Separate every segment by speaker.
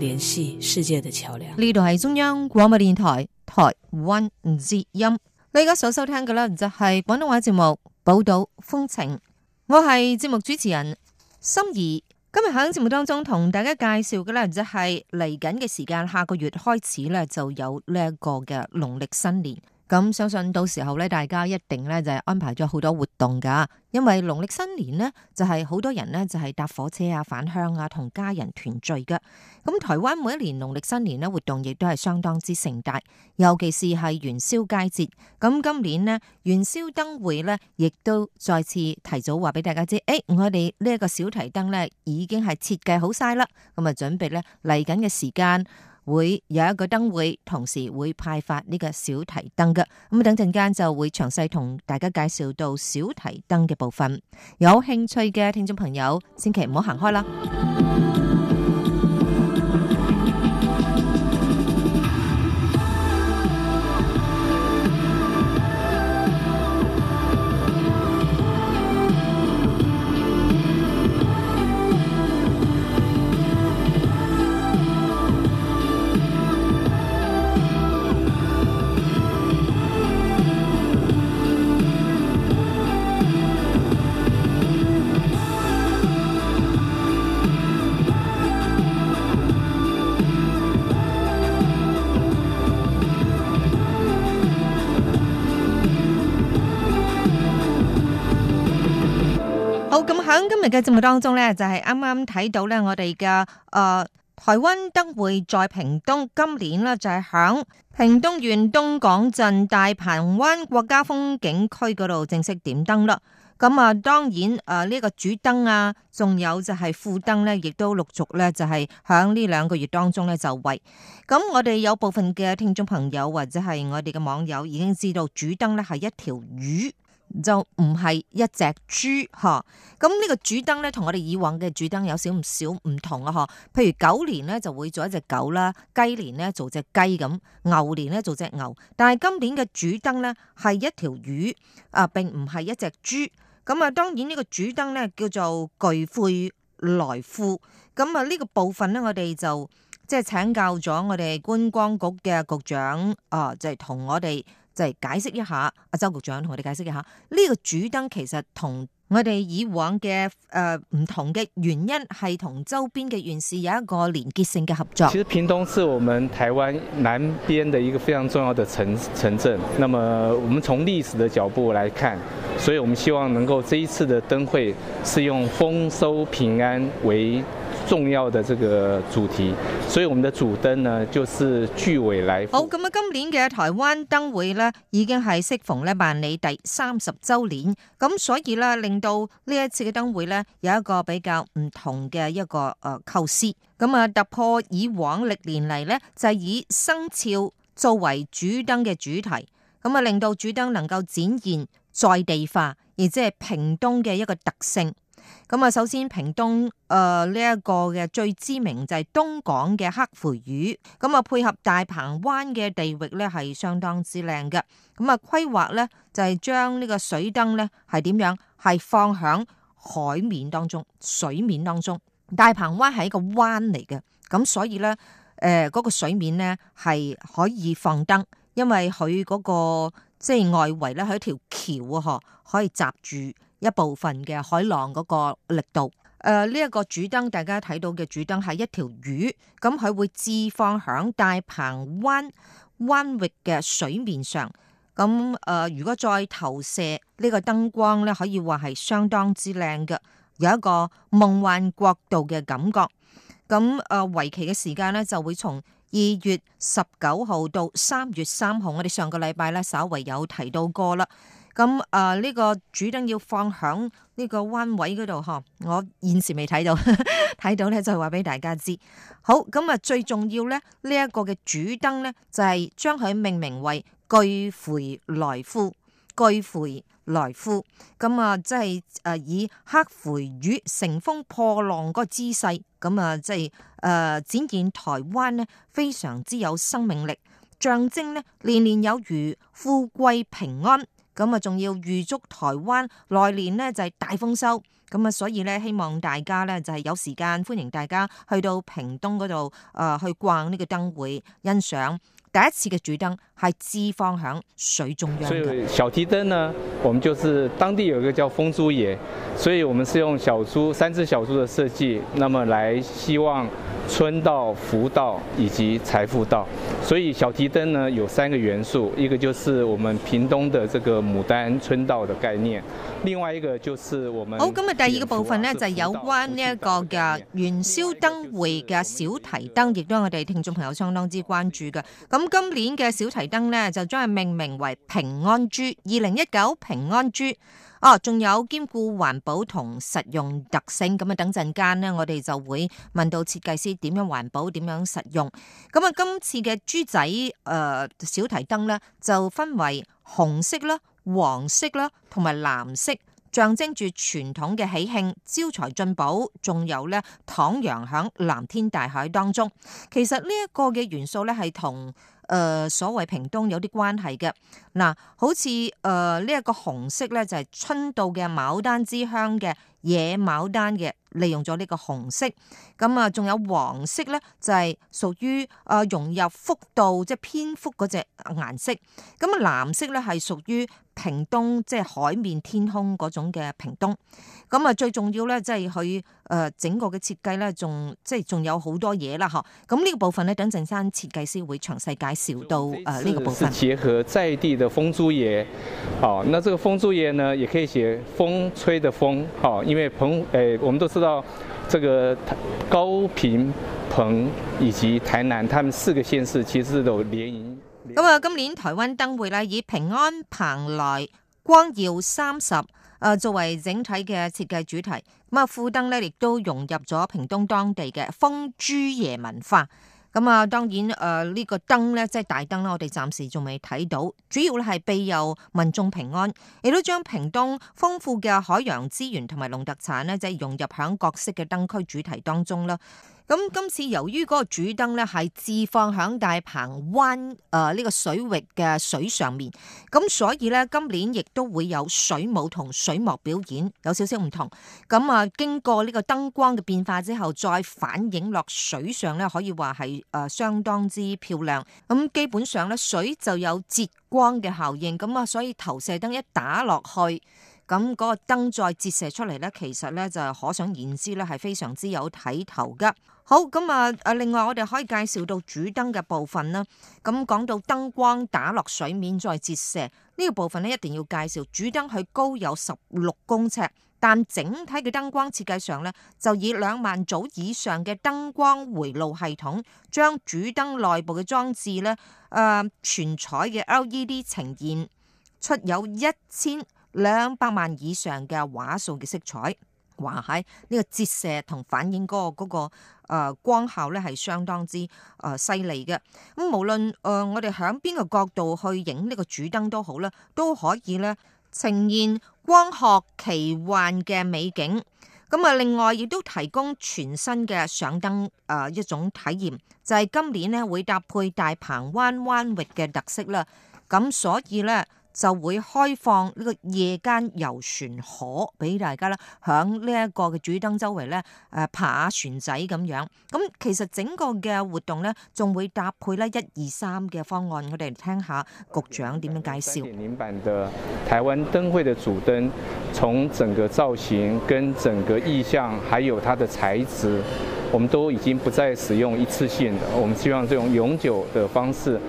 Speaker 1: 聯繫世界的橋樑。呢度係中央廣播電台台灣之音，你而家所收聽嘅咧就係廣東話節目《寶島風情》，我係節目主持人心儀，今日響節目當中同大家介紹嘅咧就係嚟緊嘅時間，下個月開始咧就有呢一個嘅農曆新年。咁相信到時候咧，大家一定咧就係安排咗好多活動噶，因為農曆新年呢，就係好多人呢就係搭火車啊、返鄉啊、同家人團聚噶。咁台灣每一年農曆新年呢活動亦都係相當之盛大，尤其是係元宵佳節。咁今年呢元宵燈會呢亦都再次提早話俾大家知，誒、哎、我哋呢一個小提燈呢已經係設計好晒啦，咁啊準備呢嚟緊嘅時間。會有一個燈會，同時會派發呢個小提燈嘅。咁等陣間就會詳細同大家介紹到小提燈嘅部分。有興趣嘅聽眾朋友，千祈唔好行開啦。咁今日嘅節目當中咧，就係啱啱睇到咧，我哋嘅誒台灣燈會在屏東，今年咧就係、是、響屏東縣東港鎮大鵬灣國家風景區嗰度正式點燈啦。咁、嗯、啊，當然誒呢、呃這個主燈啊，仲有就係副燈咧，亦都陸續咧就係響呢兩個月當中咧就位。咁、嗯、我哋有部分嘅聽眾朋友或者係我哋嘅網友已經知道主燈咧係一條魚。就唔係一隻豬哈，咁呢個主燈咧同我哋以往嘅主燈有少唔少唔同啊！哈，譬如狗年咧就會做一隻狗啦，雞年咧做隻雞咁，牛年咧做隻牛，但係今年嘅主燈咧係一條魚啊，並唔係一隻豬。咁啊，當然呢個主燈咧叫做巨鮪來富。咁啊，呢個部分咧我哋就即係、就是、請教咗我哋觀光局嘅局長啊，即係同我哋。就係解釋一下，阿周局長同我哋解釋一下，呢個主燈其實同我哋以往嘅誒唔同嘅原因係同周邊嘅縣市有一個連結性嘅合作。其實
Speaker 2: 屏東是我們台灣南邊嘅一個非常重要的城城鎮，那麼我們從歷史的角度來看，所以我們希望能夠呢一次嘅燈會是用豐收平安為重要的這個主題，所以我們的主燈呢就是「巨鮪來富」。好，
Speaker 1: 咁啊，今年嘅台灣燈會咧，已經係適逢咧辦理第三十周年，咁所以咧令到呢一次嘅燈會咧有一個比較唔同嘅一個誒構思，咁啊突破以往歷年嚟咧就係以生肖作為主燈嘅主題，咁啊令到主燈能夠展現在地化，亦即係屏東嘅一個特性。咁啊，首先屏東誒呢一個嘅最知名就係東港嘅黑鮪魚，咁啊配合大鵬灣嘅地域咧係相當之靚嘅。咁啊規劃咧就係將呢個水燈咧係點樣係放響海面當中，水面當中。大鵬灣係一個灣嚟嘅，咁所以咧誒嗰個水面咧係可以放燈，因為佢嗰個即係外圍咧係一條橋啊，嗬，可以閘住。一部分嘅海浪嗰個力度，誒呢一個主燈，大家睇到嘅主燈係一條魚，咁、嗯、佢會置放響大鵬灣灣域嘅水面上，咁、嗯、誒、呃、如果再投射呢、呢個燈光咧，可以話係相當之靚嘅，有一個夢幻國度嘅感覺。咁、嗯、誒、呃、為期嘅時間咧，就會從二月十九號到三月三號，我哋上個禮拜咧稍微有提到過啦。咁啊，呢、嗯這個主燈要放響呢個灣位嗰度嗬，我現時未睇到，睇 到咧就話俾大家知。好咁啊、嗯，最重要咧，呢、這、一個嘅主燈咧就係、是、將佢命名為巨鮪來富」。巨鮪來富咁啊，即係誒以黑鮪魚乘風破浪嗰個姿勢，咁啊即係誒展現台灣咧非常之有生命力，象徵咧年年有餘、富貴平安。咁啊，仲要預祝台灣來年咧就係大豐收，咁啊，所以咧希望大家咧就係有時間，歡迎大家去到屏東嗰度，誒去逛呢個燈會，欣賞。第一次嘅主燈係置放響水中央，所以
Speaker 2: 小提燈呢，我們就是當地有一個叫風豬爺，所以我們是用小豬三隻小豬嘅設計，那麼來希望春到、福到以及財富到。所以小提燈呢，有三個元素，一個就是我們屏東的這個牡丹春到的概念，另外一個就是我們好咁啊。
Speaker 1: 第二個部分呢，主持人就係有關呢一個嘅元宵燈會嘅小提燈，亦都係我哋聽眾朋友相當之關注嘅咁。咁今年嘅小提燈咧，就將係命名為屏安豬，二零一九屏安豬。哦、啊，仲有兼顧環保同實用特性。咁啊，等陣間咧，我哋就會問到設計師點樣環保，點樣實用。咁啊，今次嘅豬仔誒、呃、小提燈咧，就分為紅色啦、黃色啦同埋藍色。象徵住傳統嘅喜慶、招財進寶，仲有咧徜徉響藍天大海當中。其實呢一個嘅元素咧，係同誒所謂屏東有啲關係嘅。嗱、呃，好似誒呢一個紅色咧，就係、是、春到嘅牡丹之鄉嘅野牡丹嘅，利用咗呢個紅色。咁啊，仲有黃色咧，就係、是、屬於啊融入福到，即係蝙蝠嗰隻顏色。咁藍色咧，係屬於。屏東即係、就是、海面天空嗰種嘅屏東，咁啊最重要咧，即係佢誒整個嘅設計咧，仲即係仲有好多嘢啦嗬。咁呢個部分呢，等陣先設計師會詳細介紹到誒呢個部分。是
Speaker 2: 結合在地嘅風豬爺，哦，那這個風豬爺呢，也可以寫風吹的風，哦，因為澎誒、欸，我們都知道這個高屏、澎以及台南，他們四個縣市其實都連營。
Speaker 1: 咁啊，今年台灣燈會咧以平安蓬萊光耀三十誒作為整體嘅設計主題，咁啊，副燈咧亦都融入咗屏東當地嘅風豬爺文化。咁啊，當然誒呢個燈咧即係大燈啦，我哋暫時仲未睇到，主要咧係庇佑民眾平安，亦都將屏東豐富嘅海洋資源同埋農特產咧即係融入響各式嘅燈區主題當中啦。咁今次由於嗰個主燈咧係置放喺大鵬灣誒呢個水域嘅水上面，咁所以咧今年亦都會有水舞同水幕表演，有少少唔同。咁啊，經過呢個燈光嘅變化之後，再反映落水上咧，可以話係誒相當之漂亮。咁基本上咧，水就有折光嘅效應，咁啊，所以投射燈一打落去。咁嗰個燈再折射出嚟咧，其實咧就可想而知咧，係非常之有睇頭㗎。好咁啊！啊，另外我哋可以介紹到主燈嘅部分啦。咁講到燈光打落水面再折射呢，這個部分咧，一定要介紹主燈佢高有十六公尺，但整體嘅燈光設計上咧，就以兩萬組以上嘅燈光迴路系統，將主燈內部嘅裝置咧，誒、呃、全彩嘅 LED 呈現出有一千兩百萬以上嘅畫素嘅色彩，話喺呢個折射同反映嗰個個誒光效咧，係相當之誒犀利嘅。咁無論誒我哋響邊個角度去影呢個主燈都好啦，都可以咧呈現光學奇幻嘅美景。咁啊，另外亦都提供全新嘅賞燈誒一種體驗，就係、是、今年咧會搭配大鵬灣灣域嘅特色啦。咁所以咧。就會開放呢個夜間遊船河俾大家咧，響呢一個嘅主燈周圍呢，誒、啊、爬下船仔咁樣。咁、嗯、其實整個嘅活動呢，仲會搭配呢一二三嘅方案，我哋嚟聽下局長點樣介紹。今年版
Speaker 2: 的台灣燈會嘅主燈，從整個造型、跟整個意象，還有它的材質，我們都已經不再使用一次性，我們希望用永久的方式。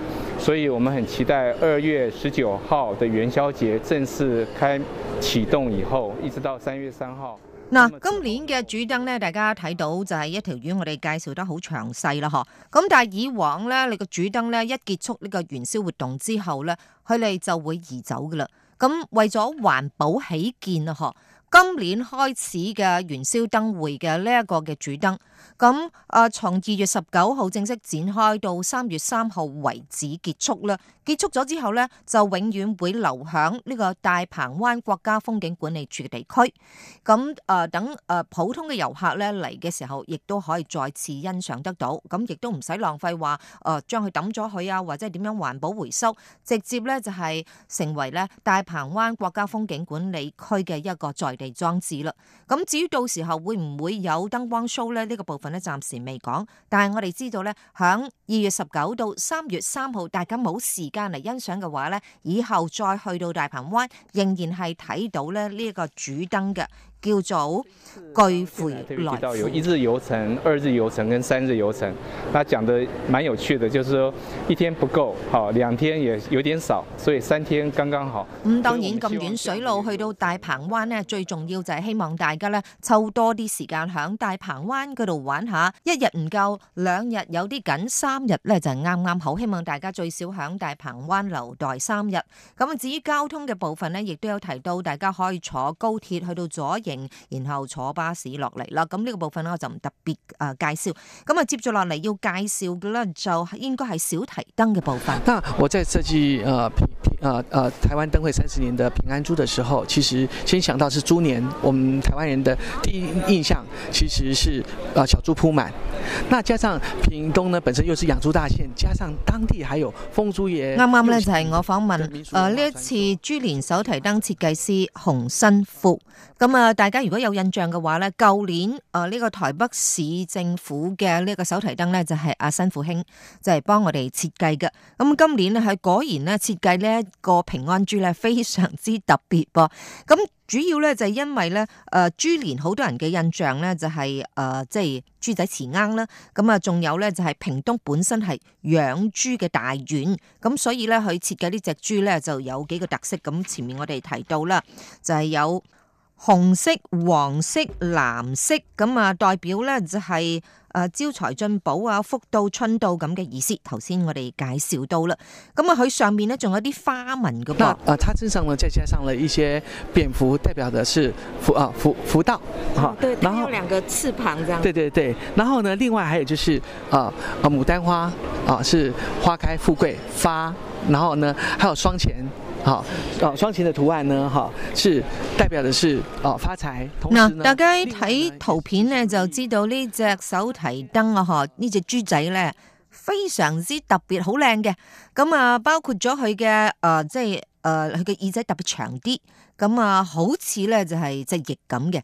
Speaker 2: 所以我們很期待二月十九號的元宵節正式開啟動以後，一直到三月三號。
Speaker 1: 嗱今年嘅主燈呢，大家睇到就係一條魚，我哋介紹得好詳細啦，嗬。咁但係以往呢，你個主燈呢，一結束呢個元宵活動之後呢，佢哋就會移走噶啦。咁為咗環保起見啊，嗬。今年開始嘅元宵燈會嘅呢一個嘅主燈，咁啊從二月十九號正式展開到三月三號為止結束啦。結束咗之後呢，就永遠會留響呢個大鵬灣國家風景管理處嘅地區。咁啊、呃、等啊、呃、普通嘅遊客呢嚟，嘅時候，亦都可以再次欣賞得到。咁亦都唔使浪費話，誒將佢抌咗佢啊，或者係點樣環保回收，直接呢就係、是、成為呢大鵬灣國家風景管理區嘅一個在。裝置啦，咁至於到時候會唔會有燈光 show 咧？呢個部分咧暫時未講，但係我哋知道咧，響二月十九到三月三號，大家冇時間嚟欣賞嘅話咧，以後再去到大鵬灣仍然係睇到咧呢一個主燈嘅。叫做钜回來。特別提到有一
Speaker 2: 日遊程、二日遊程跟三日遊程，那講得蠻有趣的，就是說一天不夠，嗬，兩天也有點少，所以三天剛剛好。咁
Speaker 1: 當然咁遠水路去到大鵬灣咧，最重要就係希望大家咧抽多啲時間喺大鵬灣嗰度玩下。一日唔夠，兩日有啲緊，三日咧就係啱啱好。希望大家最少喺大鵬灣留待三日。咁啊，至於交通嘅部分咧，亦都有提到，大家可以坐高鐵去到左營。然後坐巴士落嚟啦，咁、這、呢個部分呢，我就唔特別誒介紹。咁啊，接住落嚟要介紹嘅咧，就應該係小提燈嘅部分。那
Speaker 3: 我再涉及誒。 呃、啊，啊！台灣燈會三十年的屏安豬的時候，其實先想到是豬年，我們台灣人的第一印象其實是啊小豬撲滿。那加上屏東呢本身又是養豬大縣，加
Speaker 1: 上當地還有風豬爺啱啱呢，剛剛就係我訪問呃呢、啊、一次豬年手提燈設計師洪新富，咁啊、嗯、大家如果有印象嘅話呢，舊年呃呢、啊，這個台北市政府嘅呢個手提燈呢，就係、是、阿新富兄，就係、是、幫我哋設計嘅，咁今年呢，佢果然呢設計呢。嗯嗯嗯嗯嗯嗯嗯嗯個屏安豬咧非常之特別噃，咁主要咧就係因為咧，誒豬年好多人嘅印象咧就係誒即係豬仔詞啱啦，咁啊仲有咧就係屏東本身係養豬嘅大縣。咁所以咧佢設計呢隻豬咧就有幾個特色，咁前面我哋提到啦，就係有。紅色、黃色、藍色，咁啊代表呢就係誒招財進寶啊，福到春到咁嘅意思。頭先我哋介紹到啦，咁啊佢上面呢仲有啲花紋噶噃。
Speaker 3: 啊，它身上呢再加上了一些蝙蝠，代表的是福啊福福到，吓、嗯。對，然後兩個翅膀，這樣。對對對，然後呢，另外還有就是啊啊牡丹花啊，是花開富貴花。然後呢，還有雙錢。哈，啊雙錢的圖案呢，哈、哦，是代表嘅是啊、哦、發財。嗱，大
Speaker 1: 家睇圖片呢，就知道呢隻手提燈啊，哈，呢隻豬仔咧非常之特別，好靚嘅。咁啊，包括咗佢嘅誒，即係誒，佢、就、嘅、是呃、耳仔特別長啲。咁啊，好似咧就係隻翼咁嘅。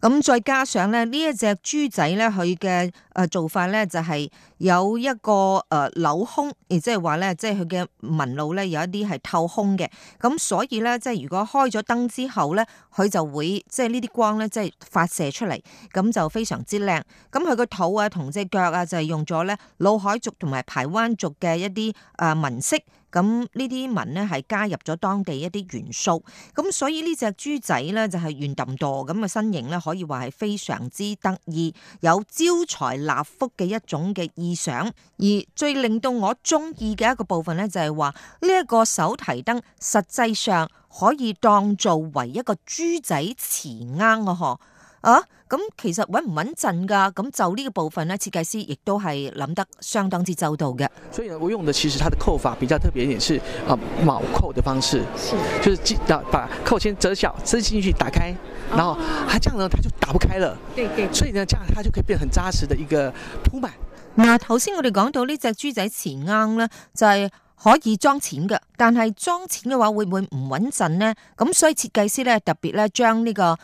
Speaker 1: 咁、就是、再加上咧，隻豬呢一隻豬仔咧，佢嘅誒做法咧就係、是、有一個誒鏤、呃、空。即係話咧，即係佢嘅紋路咧，有一啲係透空嘅，咁所以咧，即係如果開咗燈之後咧，佢就會即係呢啲光咧，即係發射出嚟，咁就非常之靚，咁佢個肚啊同隻腳啊就係用咗咧魯凱族同埋排灣族嘅一啲誒紋飾，咁呢啲紋咧係加入咗當地一啲元素，咁所以呢隻豬仔咧就係圓揼墮咁嘅身形咧，可以話係非常之得意，有招財納福嘅一種嘅意想，而最令到我中。意嘅一個部分呢，就係話呢一個手提燈實際上可以當做為一個豬仔瓷罌啊。嗬、嗯、啊！咁其實穩唔穩陣噶？咁、嗯、就呢個部分呢，設計師亦都係諗得相當之周到嘅。所
Speaker 3: 以咧，我用的其實它的扣法比較特別一點，也是啊卯扣的方式，是的就是把扣先折小，伸進去打開，然後，它這樣呢，
Speaker 1: 它就打不開了。對對的。所以呢，這樣它就可以變成很紮實的一個撲滿。嗱，頭先、啊、我哋講到呢隻豬仔錢罌咧，就係、是、可以裝錢嘅，但係裝錢嘅話會唔會唔穩陣咧？咁所以設計師咧特別咧將呢、這個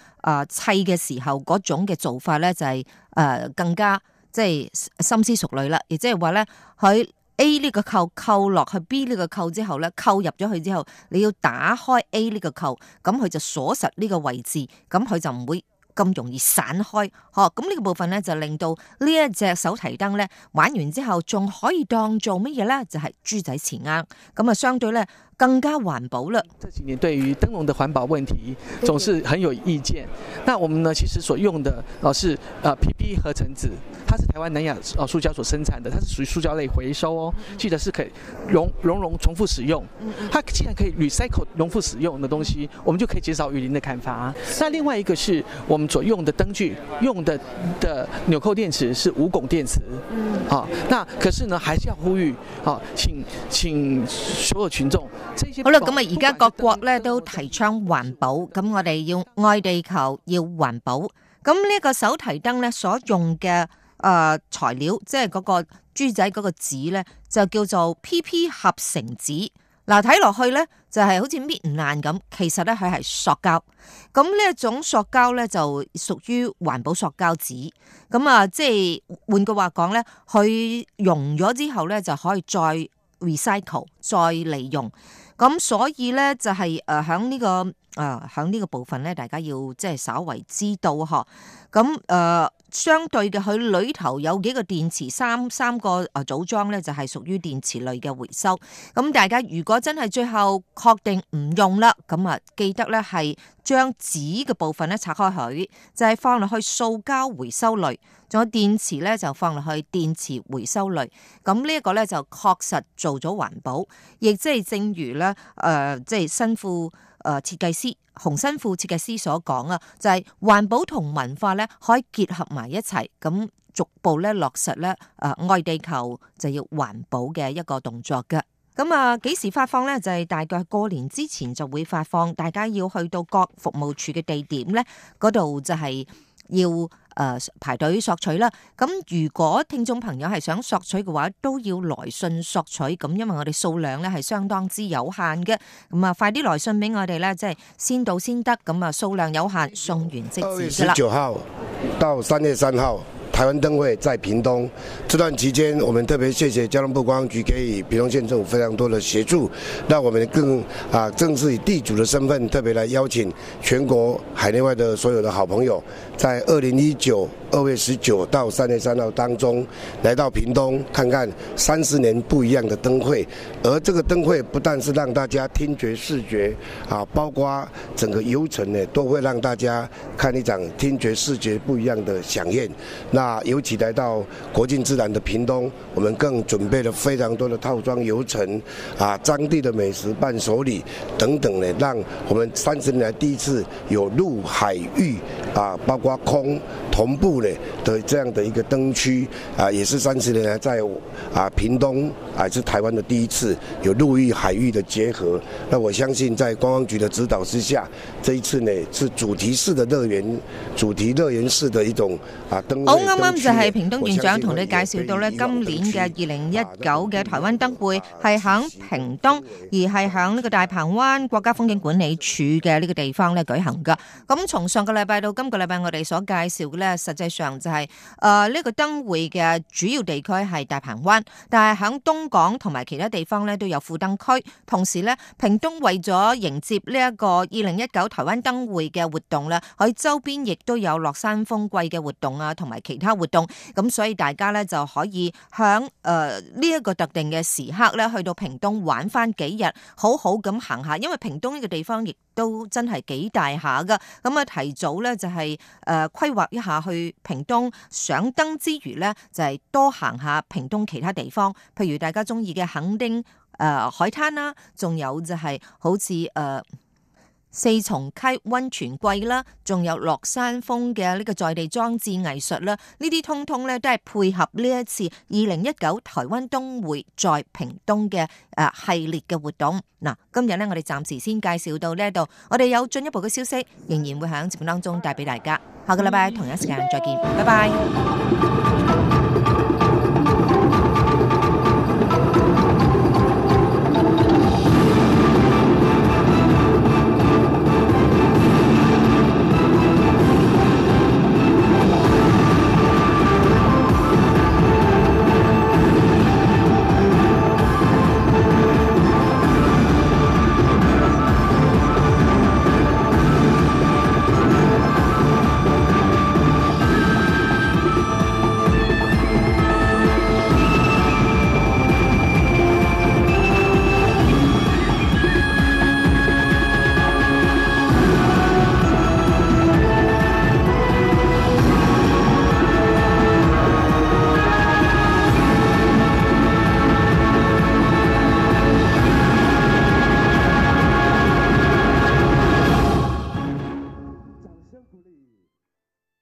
Speaker 1: 誒砌嘅時候嗰種嘅做法咧就係、是、誒、呃、更加即係深思熟慮啦，亦即係話咧佢 A 呢個扣扣落去 B 呢個扣之後咧，扣入咗去之後，你要打開 A 呢個扣，咁佢就鎖實呢個位置，咁佢就唔會。咁容易散開，哦，咁呢個部分咧就令到呢一隻手提燈咧玩完之後仲可以當做乜嘢咧？就係、是、豬仔錢罌，咁啊相對咧。更加環保了。這幾年對於燈籠的環保問題，總是很有意見。那我們呢，其
Speaker 3: 實所用的哦是啊、呃、PP 合成紙，它是台灣南亞啊塑膠所生產的，它是屬於塑膠類回收哦，記得是可以融融融重複使用。它既然可以 recycle 重複使用的東西，我們就可以減少雨林的砍伐。那另外一個是我們所用的燈具用的的紐扣電池是無汞電池。嗯。好，那
Speaker 1: 可是呢，還是要呼籲，好、啊、請請所有群眾。好啦，咁啊，而家各國咧都提倡環保，咁我哋要愛地球，要環保。咁呢個手提燈咧所用嘅誒、呃、材料，即係嗰個豬仔嗰個紙咧，就叫做 PP 合成紙。嗱、呃，睇落去咧就係、是、好似搣唔爛咁，其實咧佢係塑膠。咁呢一種塑膠咧就屬於環保塑膠紙。咁、呃、啊，即係換句話講咧，佢溶咗之後咧就可以再 recycle 再利用。咁所以咧就係誒喺呢個誒喺呢個部分咧，大家要即係稍為知道嗬。咁誒。呃相對嘅佢裏頭有幾個電池三，三三個啊組裝咧就係屬於電池類嘅回收。咁大家如果真係最後確定唔用啦，咁啊記得咧係將紙嘅部分咧拆開佢，就係、是、放落去塑膠回收類，仲有電池咧就放落去電池回收類。咁呢一個咧就確實做咗環保，亦即係正如咧誒，即係辛苦。就是誒設計師洪新富設計師所講啊，就係環保同文化咧可以結合埋一齊，咁逐步咧落實咧誒愛地球就要環保嘅一個動作嘅。咁啊幾時發放咧？就係大概過年之前就會發放，大家要去到各服務處嘅地點咧，嗰度就係要。誒，排隊索取啦。咁如果聽眾朋友係想索取嘅話，都要來信索取。咁因為我哋數量咧係相當之有限嘅。咁啊，快啲來信俾我哋咧，即係先到先得。咁啊，數量有限，送完即止噶啦。十九
Speaker 4: 號到三月三號。台灣燈會在屏東，這段期間我們特別謝謝交通部觀光局給予屏東縣政府非常多的協助，讓我們更啊正式以地主的身份特別來邀請全國海內外的所有的好朋友，在二零一九。二月十九到三月三號當中，來到屏東看看三十年不一樣的燈會，而這個燈會不但是讓大家聽覺視覺啊，包括整個遊程呢，都會讓大家看一場聽覺視覺不一樣的饗宴。那尤其來到國境之南的屏東，我們更準備了非常多的套裝遊程，啊，當地的美食、伴手禮等等呢，讓我們三十年來第一次有陸、海域，啊，包括空同步。的這樣的一個燈區啊，也、嗯、是三十年來在啊屏東啊，係台灣的第一次有陸域海域的結合。那我相信在公安局的指導之下，這一次呢是主題式的樂園主題樂園式的一種啊燈。燈。啱啱就係屏東縣長同你
Speaker 1: 介紹到咧，今年嘅二零一九嘅台灣燈會係響屏東，而係響呢個大鵬灣國家風景管理處嘅呢個地方咧舉行㗎。咁從上個禮拜到今個禮拜，我哋所介紹嘅咧實際。上就係誒呢個燈會嘅主要地區係大鵬灣，但係響東港同埋其他地方咧都有副燈區。同時咧，屏東為咗迎接呢一個二零一九台灣燈會嘅活動咧，喺周邊亦都有落山風季嘅活動啊，同埋其他活動。咁所以大家咧就可以響誒呢一個特定嘅時刻咧去到屏東玩翻幾日，好好咁行下，因為屏東呢個地方亦。都真係幾大下噶咁啊提早咧就係誒規劃一下去屏東上燈之餘咧，就係、是、多行下屏東其他地方，譬如大家中意嘅墾丁誒海灘啦，仲有就係好似誒。呃四重溪溫泉季啦，仲有落山風嘅呢個在地裝置藝術啦，呢啲通通呢都係配合呢一次二零一九台灣燈會在屏東嘅誒系列嘅活動。嗱，今日呢，我哋暫時先介紹到呢一度，我哋有進一步嘅消息，仍然會喺節目當中帶俾大家。下個禮拜同一時間再見，拜拜。